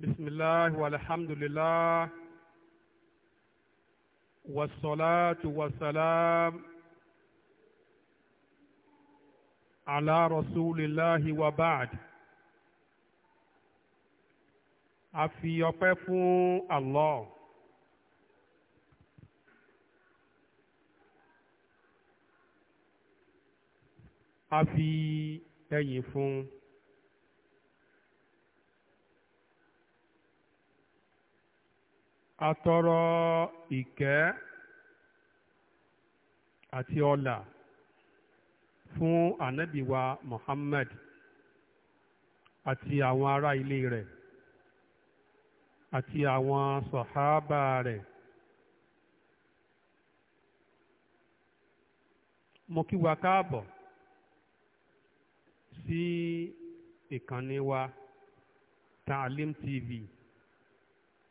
بسم الله والحمد لله والصلاة والسلام على رسول الله وبعد أفي fi الله؟ أفي Allah atọrọ ìkẹ́ àti ọlà fún ànábìwa Muhammad àti àwọn ará ilé rẹ̀ àti àwọn sọ̀hábà rẹ̀ mo kí wa káàbọ̀ sí ìkànnì wa Taalim TV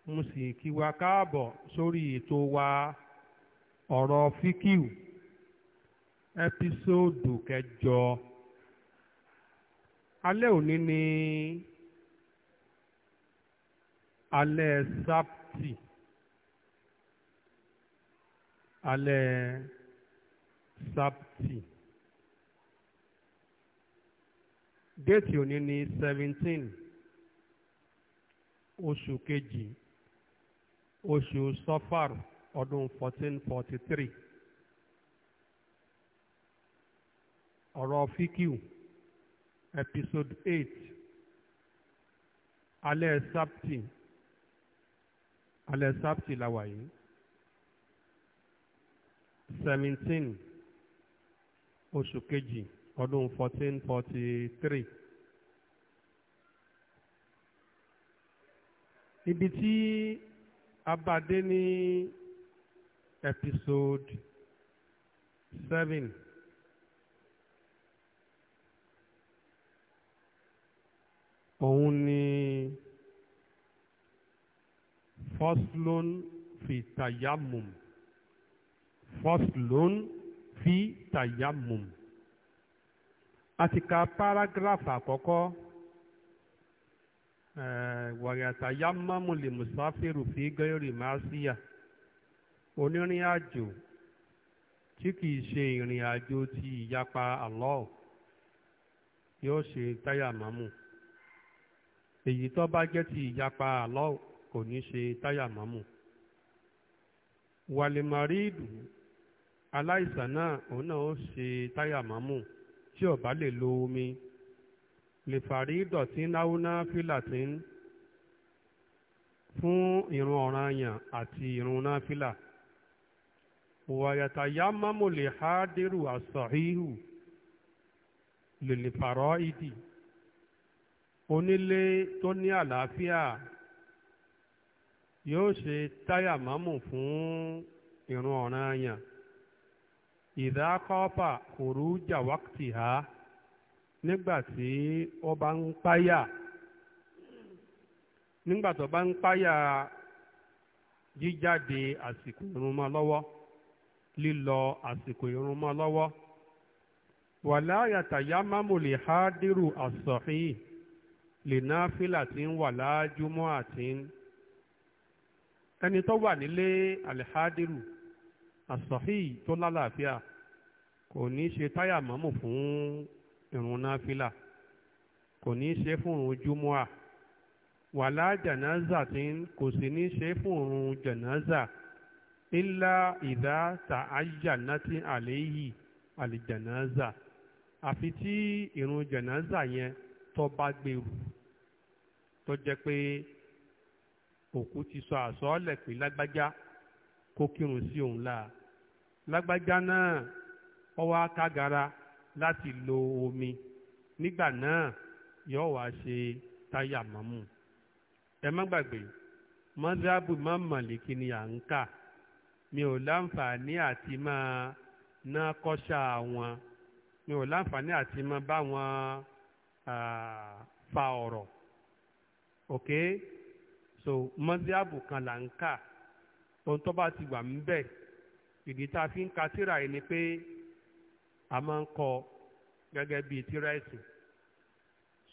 mo sì kí wa káàbọ̀ sórí ètò wa ọ̀rọ̀ fíkìú ẹ́písóòdù kẹjọ alẹ́ òní ni alẹ́ sáptì alẹ́ sáptì déètì òní ni seventeen oṣù kejì oṣù sọfàr ọdún 1443 ọ̀rọ̀ fíkìú episode 8 alẹ́ sábtì alẹ́ sábtì la wà yìí 17 oṣù kejì ọdún 1443 ibi tí abadé ní episode seven. òun ni faslun fi tayammum faslun fi tayammum a ti ka paragraph àkọ́kọ́. Eh, wàyàtà yámámù lè mùsáfìrù fi gẹ́rì máṣíyà onírìn àjò tí kìí ṣe ìrìn àjò ti ìyapa Allah yóò ṣe táyàmámù èyí tó bá jẹ́ ti ìyapa Allah kò ní ṣe táyàmámù wàlìmọ̀rídù aláìsàn náà òun náà ó ṣe táyàmámù tí ó bá lè lo omi lèfàrí dọ̀tí náwúná fílàtín fún ìrun ọ̀ranyàn àti ìrun náfílà wàyàtàyà mámòlè hádìrú àsọ̀híhù lèlèfàrọ́ ìdì onílé tó ní àlàáfíà yóò ṣe táyà mámù fún ìrun ọ̀ranyàn ìdákọ́pà kòrú jàwákìtì ha. nígbà tí ó bá ń páyà nígbà tó bá ń páyà jíjáde àsìkò ìrun lọ́wọ́ lílọ àsìkò ìrun mọ́ lọ́wọ́ wàlá yàtàyà mámòlè hádìrú àsọ̀hí lè fílà tí ń wà láájúmọ́ àti ẹni tó wà nílé àsọ̀hí tó lálàáfíà kò ṣe táyà mọ́mù fún ìrun náfìlà kò ní í ṣe fún ìrun júmọ́à wàlá jànáza tí kò sì ní í ṣe fún ìrun jànáza ńlá ìdá tààjànátì àléyìí àlìjànáza àfi tí ìrun jànáza yẹn tó bá gbèrú tó jẹ́ pé òkú ti sọ àsọọ́lẹ̀ pé lágbájá kó kírun sí òun láà lágbájá náà ọwọ́ akágara láti lo omi nígbà náà yóò wá ṣe táyà mọ́mù ẹ má gbàgbé mọ́sáàbù má mọ̀lẹ́kì ni à ń kà mi ò láǹfààní àti máa ná kọ́ṣà wọn mi ò láǹfààní àti máa bá wọn fa ọ̀rọ̀ ok so mọ́sáàbù kan là ń kà ohun tó bá ti wà ń bẹ̀ ìdí tá a fi ń ka tírà yìí pé a máa ń kọ gẹ́gẹ́ bíi tírà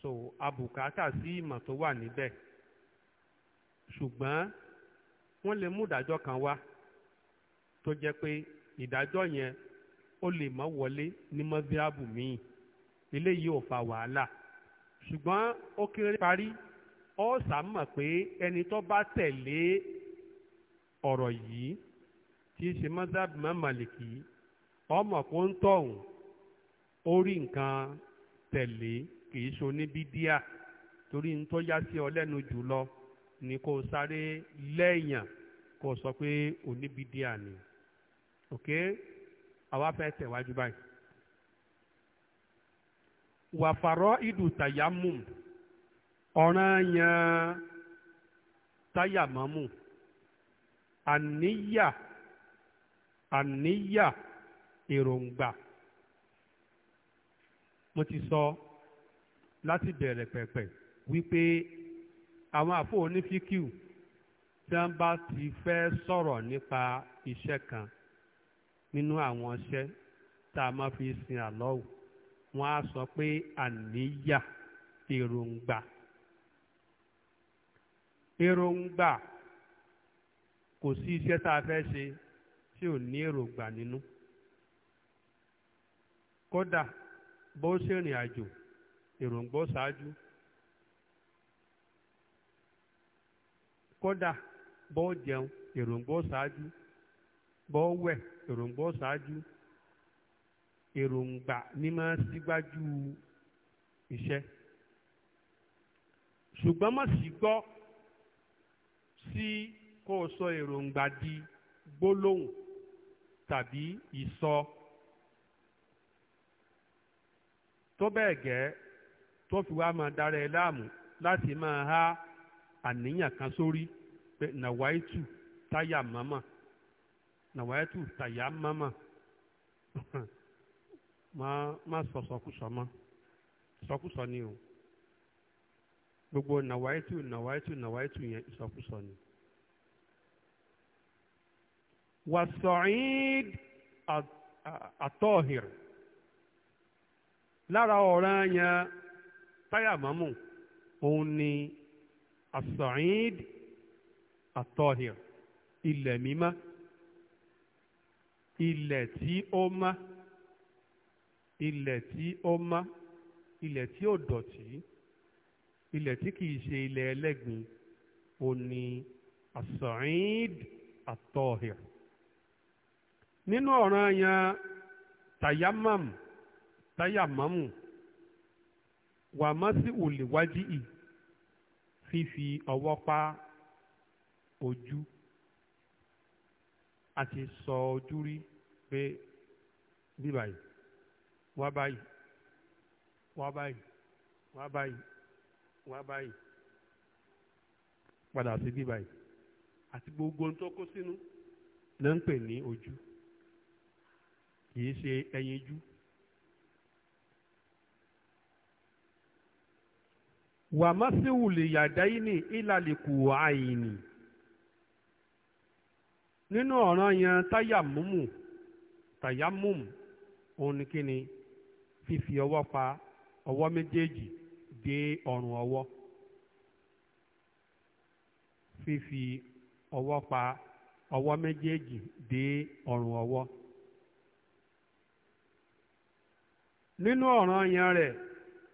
so abùkátà sí ìmọ̀ tó wà níbẹ̀ ṣùgbọ́n wọ́n lè mú ìdájọ́ kan wá tó jẹ́ pé ìdájọ́ yẹn ó lè má wọlé ní mọ́síábù míì eléyìí ò fa wàhálà ṣùgbọ́n ó kéré parí ó sàmọ̀ pé ẹni tó bá tẹ̀lé ọ̀rọ̀ yìí tí í ṣe mọ́síábù mọ́ màlìkì yìí ọmọ kó ń tọ̀hún ó rí nǹkan tẹ̀lé kì í so níbi torí ń tó yá sí ọ lẹ́nu jùlọ ni kó sáré lẹ́yìn kó o sọ pé oníbi díà ni ok àwa fẹ́ tẹ̀wájú báyìí. wàfàrọ̀ ìdù tàyámù ọ̀ràn yan táyàmọ́mù àníyà àníyà. èròǹgbà mo ti sọ láti bẹ̀rẹ̀ pẹ̀pẹ̀ wípé àwọn àfọ onífíkìú tí wọ́n bá ti fẹ́ sọ̀rọ̀ nípa iṣẹ́ kan nínú àwọn iṣẹ́ tá a máa fi sin àlọ́wù wọ́n á sọ pé àníyà èròǹgbà èròǹgbà kò sí iṣẹ́ tá a fẹ́ ṣe tí ò ní èròǹgbà nínú kódà bó ṣèrìn àjò èròǹgbò ṣáájú kódà bó jẹun èròǹgbò ṣáájú bó wẹ̀ èròǹgbò ṣáájú èròǹgbà ní máa sígbájú iṣẹ́ ṣùgbọ́n má sì gbọ́ sí kó o sọ èròǹgbà di gbólóhùn tàbí ìsọ. So tó bẹ́ẹ̀ gẹ́ tó fi wá máa dára ẹ láàmú láti máa há àníyàn kan sórí pé nàwáìtù táyà mọ́mọ́ nàwáìtù táyà mọ́mọ́ má sọ sọkúsọ mọ́ sọkúsọ ni o gbogbo nàwáìtù nàwáìtù yẹn ni. lára ọ̀ràn yẹn táyàmọ́mù òun ni asa'id atọ́hìr ilẹ̀ mímọ́ ilẹ̀ tí ó mọ́ ilẹ̀ tí ó mọ́ ilẹ̀ tí ó dọ̀tí ilẹ̀ tí kìí ṣe ilẹ̀ ẹlẹ́gbin òun ni asa'id atọ́hìr nínú ọ̀ràn yẹn tayamam táyàmọ́mù wàmọ́sí òlèwájú ì fífi ọwọ́ pa ojú àti sọ ojú rí pé bí báyìí wá báyìí wá báyìí wá báyìí wá báyìí padà sí bí báyìí àti gbogbo tó kó sínú ló ní ojú kì í ṣe ẹyinjú. E wàmásíwù lè yàdá ìní ìlàlìkù àìní nínú ọ̀ràn yẹn táyàmúmù tàyámùm òun ni kí ni fífi ọwọ́ pa ọwọ́ méjèèjì dé ọrùn ọwọ́ fífi ọwọ́ pa ọwọ́ méjèèjì dé ọrùn ọwọ́ nínú ọ̀ràn yẹn rẹ̀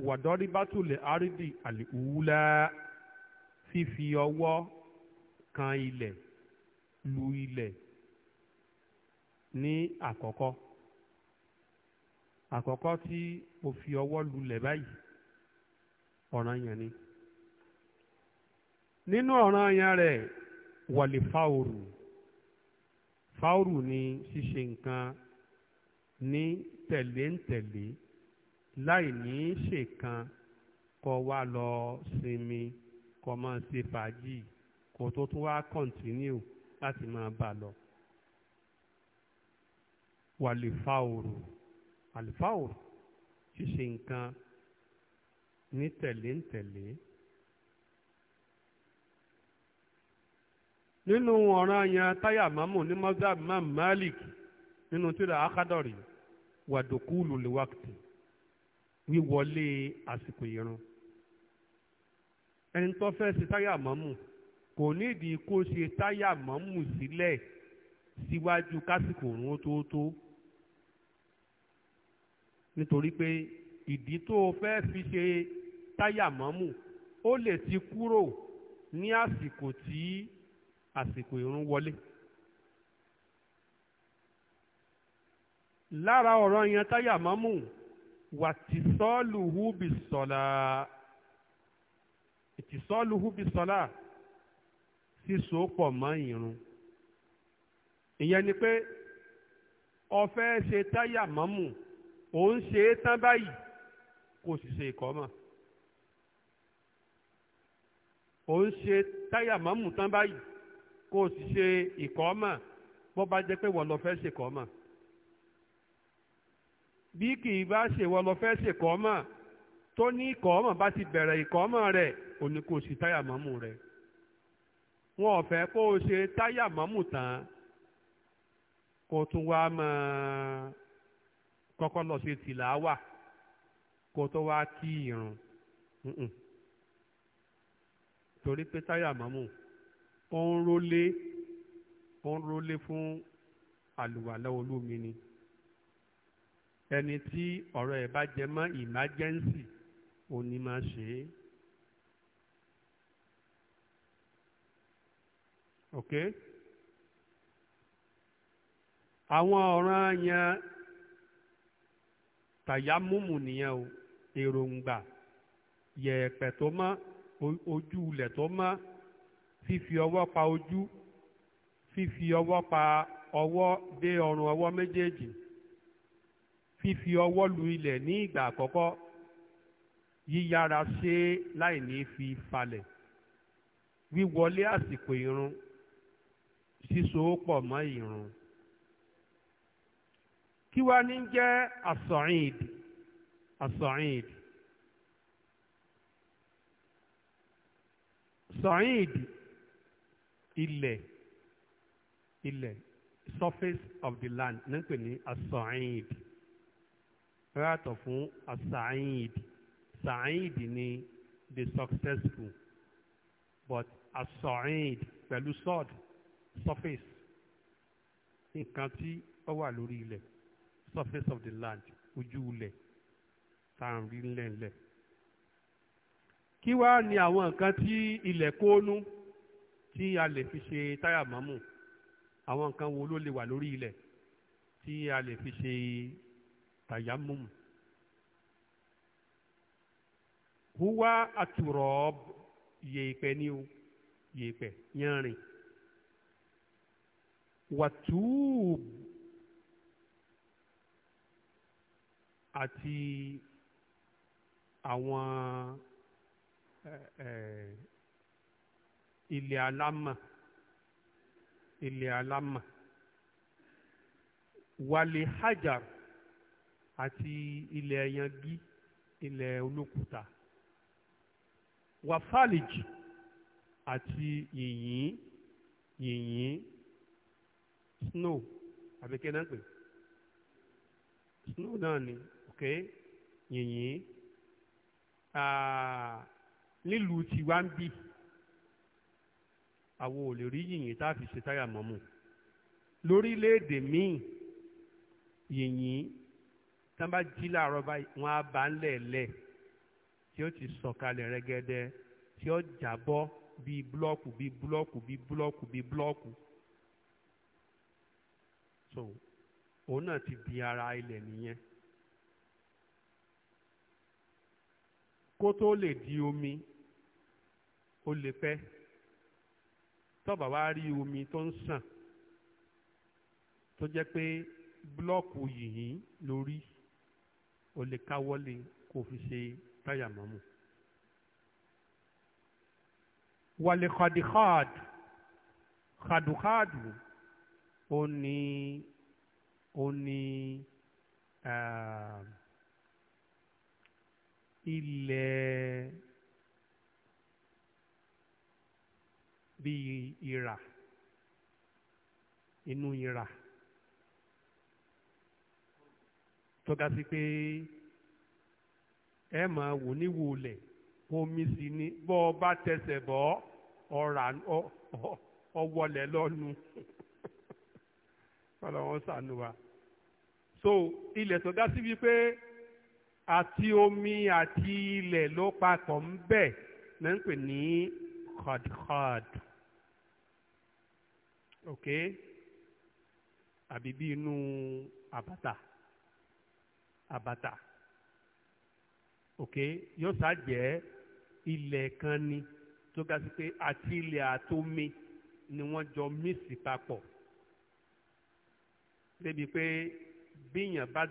wàdọ́rí bátùlẹ̀ árídì àlìhùwúlá fífi ọwọ́ kan ilẹ̀ lu ilẹ̀ ní àkọ́kọ́ àkọ́kọ́ tí mo fi ọwọ́ lulẹ̀ báyìí ọ̀ranyàn ni nínú ọ̀ranyàn rẹ̀ wọ̀lì fáwòrù fáwòrù ni ṣíṣe nǹkan ní tẹ̀léǹtẹ̀lé. -tẹ̀lé láì ní ṣèkan kó wá lọ sinmi kó máa ṣe fàájì kó tó tún wá kọ́ntínú láti máa bá lọ. wàlífàòrò àlífàòrò ṣíṣe nǹkan ní tẹ̀léǹtẹ̀lé. nínú ọ̀ràn yẹn táyà mámù ní mọ́sáàbù máàmù Malik nínú tíra akádọ̀rì wàdókùlù lè wákìtì wíwọlé àsìkò ìrun ẹni tó fẹ́ ṣe táyà mọ́mù kò nídìí kó ṣe táyà mọ́mù sílẹ̀ síwájú kásìkò òrùn ó tó tó nítorí pé ìdí tó o fẹ́ fi ṣe táyà mọ́mù ó lè ti kúrò ní àsìkò tí àsìkò ìrun wọlé. lára ọ̀rọ̀ yẹn táyà mọ́mù wàtísọ́ọ̀lùhù bí sọ̀lá ìtísọ́ọ̀lùhù bí sọ̀lá síso pọ̀ mọ́ ìrun ìyẹn ni pé ọ̀fẹ́ ṣe táyà mọ́mù òun ṣe é tán báyìí kò sì ṣe ìkọ́mọ̀ òun ṣe táyà mọ́mù tán báyìí kò sì ṣe ìkọ́mọ̀ bó bá jẹ́ pé wọ́n lọ fẹ́ ṣèkọ́mọ̀ bí kì í bá ṣèwọ lọ fẹ́ ṣèkọ́mọ̀ tó ní ìkọ́mọ̀ bá ti bẹ̀rẹ̀ ìkọ́mọ̀ rẹ̀ ò ní kó o ṣe táyà mọ́mù rẹ̀ wọn ò fẹ́ kó o ṣe táyà mọ́mù tán kó o tún wá máa kọ́kọ́ lọ ṣe tìláwà kó o tó wá kí irun torí pé táyà mọ́mù ó ń rólé ó ń rólé fún àlùwàlá olómi ni ẹni tí ọ̀rọ̀ ẹ̀ bá jẹ mọ́ emergency òní máa ṣe é. ok àwọn ọ̀ràn yẹn tàyámùmù nìyẹn o èròǹgbà yẹ̀ẹ̀pẹ̀ tó mọ́ ojú ilẹ̀ tó mọ́ fífi ọwọ́ pa ojú fífi ọwọ́ pa ọwọ́ dé ọrùn ọwọ́ méjèèjì fífi ọwọ́ lu ilẹ̀ ní ìgbà àkọ́kọ́ yíyára ṣe láì ní fi falẹ̀ wíwọlé àsìkò ìrun síso pọ̀ mọ́ ìrun kí wá ní jẹ́ asọ̀rìnd asọ̀rìnd sọ̀rìnd ilẹ̀ ilẹ̀ surface of the land ní pè ní asọ̀rìnd wọ́n yàtọ̀ fún asaid said ni the successful but a asaid pẹ̀lú sod surface nǹkan tí ó wà lórí ilẹ̀ surface of the land ojú ilẹ̀ tá à ń rí ńlẹ̀ ńlẹ̀ kí wá ni àwọn nǹkan tí ilẹ̀ kóónú tí a lè fi ṣe táyà mọ́mù àwọn nǹkan wo ló lè wà lórí ilẹ̀ tí a lè fi ṣe tàyámùmù huwa àtùrọ̀ọ́b yèèpẹ̀ ni o yèèpẹ̀ yanrìn wàtúùb àti àwọn ilẹ̀ alámà ilẹ̀ alámà wàlẹ̀ hajar àti ilẹ̀ yangi ilẹ̀ olókùúta wàfàlìjì àti yìnyín yìnyín snow àbíkẹ́ náà pè snow náà ni ok yìnyín nílùú tiwa ń bì àwọn ò lè rí yìnyín tá a fi ṣe táyà mọ́mù lórílẹ̀‐èdè míì yìnyín tán bá jí làárọ̀ báyìí wọ́n á bá ń lẹ̀lẹ̀ tí ó ti sọ̀kalẹ̀ rẹ́gẹ́dẹ́ tí ó jábọ́ bíi búlọ́ọ̀kù bíi búlọ́ọ̀kù bíi búlọ́ọ̀kù bíi búlọ́ọ̀kù. so òun náà ti di ara ilẹ̀ nìyẹn. kó tó lè di omi ó lè pẹ́ tọ́ba wá rí omi tó ń sàn tó jẹ́ pé búlọ́ọ̀kù yìnyín lórí o lè káwọ́lé kó o fi ṣe táyàmọ́mù. wàlẹ̀ kàdìkàdù kàdùkàdù ó ní ó ní ehm, ilẹ̀ bíi ìrà inú ìrà. tó ga sí pé ẹ máa wò níwò lẹ̀ omi sì ni bọ́ ọ bá tẹsẹ̀ bọ́ ọ̀rà ọwọ́lẹ̀ lọ́nu ọlọ́wọ́n sànù wa. so ilẹ̀ tó ga sí wípé àti omi àti ilẹ̀ ló papọ̀ ń bẹ̀ ní ń pè ní khadkhad ok àbí bí inú àbàtà àbàtà òkè yóò sá jẹ́ ilẹ̀ kan ni tó ga sí pé àti ilẹ̀ àtomi ni wọ́n jọ mísì papọ̀ débi pé bíyàn bá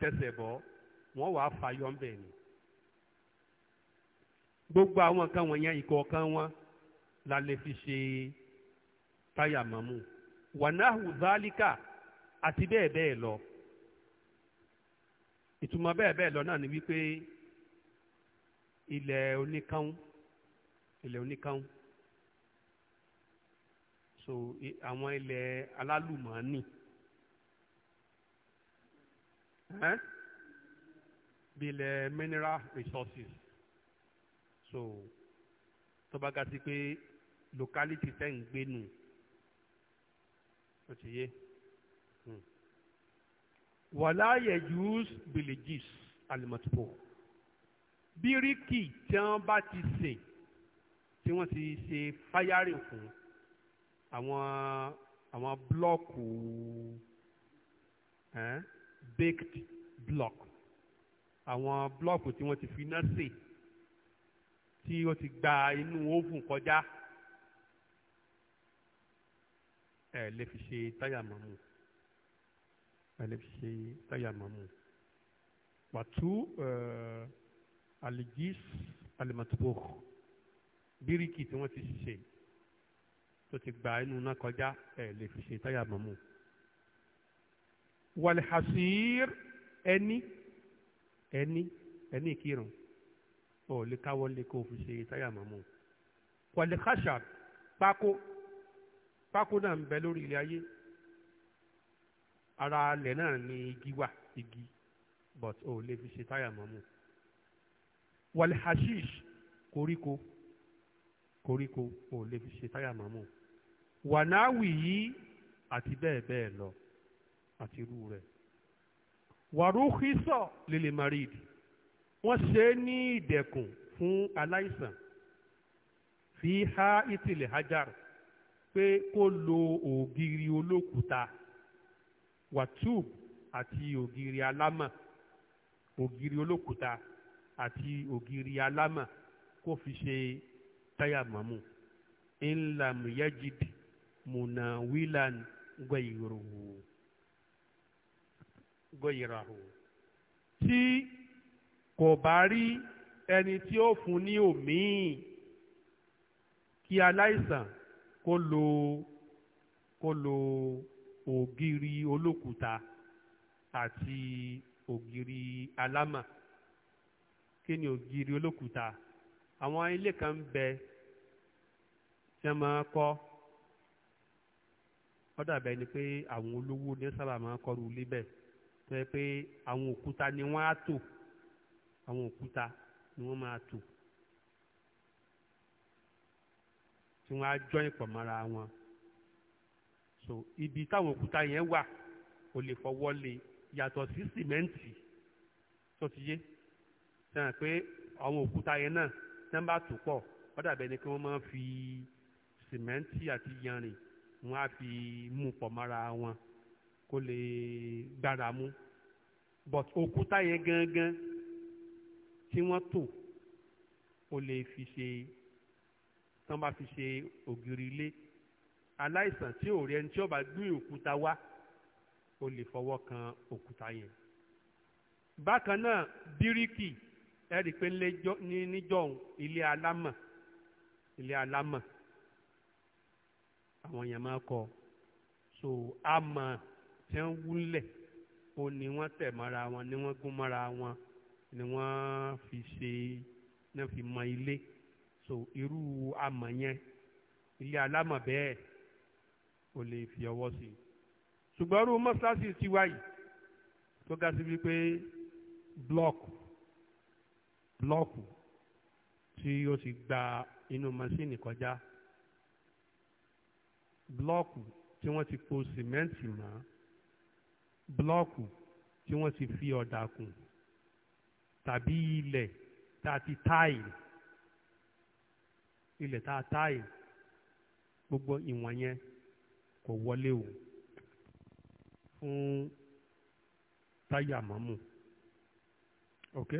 tẹsẹ̀ bọ́ wọ́n wàá fàyọ ńbẹ̀ ni gbogbo àwọn nǹkan wọ̀nyẹn ìkọ̀ọ̀kan wọn la lè fi ṣe táyà mọ́mú wànáhù zálíkà àti bẹ́ẹ̀ bẹ́ẹ̀ lọ ìtumọ̀ bẹ́ẹ̀ bẹ́ẹ̀ lọ náà ni wípé ilẹ̀ oníkàún ilẹ̀ oníkàún so àwọn ilẹ̀ alálùmọ́ọ́nì ẹ́ bí ilẹ̀ mineral resources so tó bá ga sí pé locality tẹ́ ń gbé nù ó ti yé wàláyé jùs bìlìjìs alimọ̀tìpọ̀ bíríkì tí wọ́n bá ti sè tí wọ́n ti ṣe fáyárìn fún àwọn àwọn blọ́ọ̀kù eh? baked block àwọn blọ́ọ̀kù tí wọ́n ti fi iná sè tí ó ti gba inú oven kọjá ẹ̀ lè fi ṣe táyà mọ́mú ẹ lè fi ṣe táyàmọ́mù pàtó aligis alimatubo bíríkì tí wọ́n ti ṣe tó ti gba inú náà kọjá ẹ lè fi ṣe táyàmọ́mù walhasir ẹni ẹni ẹni kírun ò lè káwọ́lé kó fi ṣe táyàmọ́mù walhashab pákó pákó náà ń bẹ lórí ilé ayé ara alẹ̀ náà ni igi wà igi but o lè fi ṣe táyà mọ́mú. wàlẹ̀ hashish koríko koríko o lè fi ṣe táyà mọ́mú. wànáwì yìí àti bẹ́ẹ̀ bẹ́ẹ̀ lọ àti irú rẹ̀. wàrúhísọ̀ lèlè marid wọ́n ṣe é ní ìdẹ̀kùn fún aláìsàn fi há ìtìlẹ̀ hajar pé kó lo ògiri olókùúta wàtúù àti ògiri alámà ògiri olókùúta àti ògiri alámà kó fi ṣe táyàmọ́mù ńlám yẹ́jìdì mùnà wílan gbẹ̀yìròhù gbẹ̀yìròhù tí kò bá rí ẹni tí ó fún ní òmíì kí aláìsàn kó lo kó lo ògiri olókùúta àti ògiri alámà kí ni ògiri olókùúta àwọn ilé kan ń bẹ tí wọ́n máa kọ́ ó dàbẹ̀ ni pé àwọn olówó ní sábà máa ń kọ́ru ilé bẹ́ẹ̀ tó yẹ pé àwọn òkúta ni wọ́n á tò àwọn òkúta ni wọ́n máa tò tí wọ́n á jọ́ ìpọ̀ mọ́ra wọn so ibi táwọn òkúta yẹn wà o lè fọwọ́ lé e. yàtọ̀ sí sìmẹ́ǹtì tó ti yé sẹ́yìn pé àwọn òkúta yẹn náà tẹ́ ń bá tù pọ̀ wọ́n dàbẹ̀ ni kí wọ́n máa fi sìmẹ́ǹtì àti yanrìn wọ́n á fi mú pọ̀ mọ́ra wọn kó lè gbára mú but òkúta yẹn gangan tí wọ́n tò o lè fi ṣe tán bá fi ṣe ògiri ilé aláìsàn tí ò rí ẹni tí ó bá gbé òkúta wá ó lè fọwọ́ kan òkúta yẹn. bákan náà bíríkì ẹ pé níjọ́hun ilé alámọ̀ ilé alámọ̀ àwọn èèyàn máa kọ so àmọ̀ tí wọ́n wúlẹ̀ ó ní wọ́n tẹ̀ mọ́ra wọn ní wọ́n gún mọ́ra wọn ni wọ́n fi ṣe náà fi mọ ilé so irú àmọ̀ yẹn ilé alámọ̀ bẹ́ẹ̀ o lè fi ọwọ́ sí i ṣùgbọ́n irú mọ́ṣáláṣí ti wáyì tó ga sí wípé blọọkù blọọkù tí ó ti gba inú masíìnì kọjá blọọkù tí wọ́n ti po sìmẹ́ǹtì mọ́ blọọkù tí wọ́n ti fi ọ̀dà kùn tàbí ilẹ̀ tá a ti táìlì ilẹ̀ tá a táìlì gbogbo ìwọ̀n yẹn kò wọlé o fún táyà mọ́mù ok.